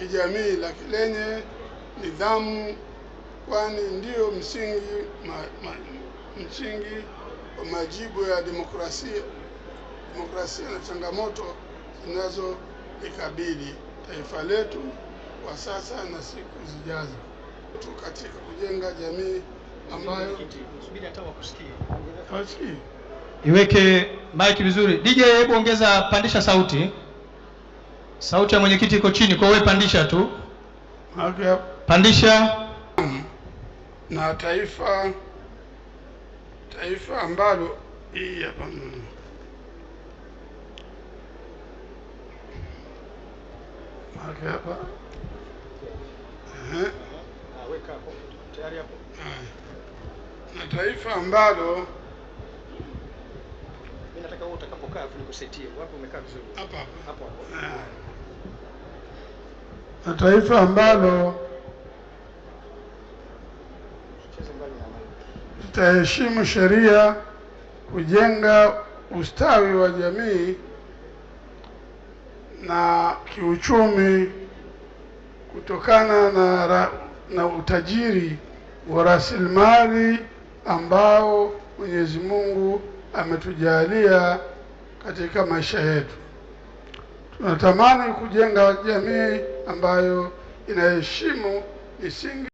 kijamii la lenye nidhamu, kwani ndiyo msingi ma, ma, msingi wa majibu ya demokrasia demokrasia na changamoto zinazoikabili taifa letu kwa sasa na siku zijazo tu katika kujenga jamii ambayo iweke maiki vizuri. DJ, hebu ongeza, pandisha sauti. Sauti ya mwenyekiti iko chini, kwa wewe pandisha tu. Okay. Pandisha. Na taifa taifa ambalo hii hapa hapa. Eh. Na taifa ambalo mimi nataka wewe utakapokaa afu nikusaitie. Wapi umekaa vizuri? Hapa hapa. Hapo hapo na taifa ambalo litaheshimu sheria, kujenga ustawi wa jamii na kiuchumi kutokana na, ra, na utajiri wa rasilimali ambao Mwenyezi Mungu ametujalia katika maisha yetu. Tunatamani kujenga jamii ambayo inaheshimu misingi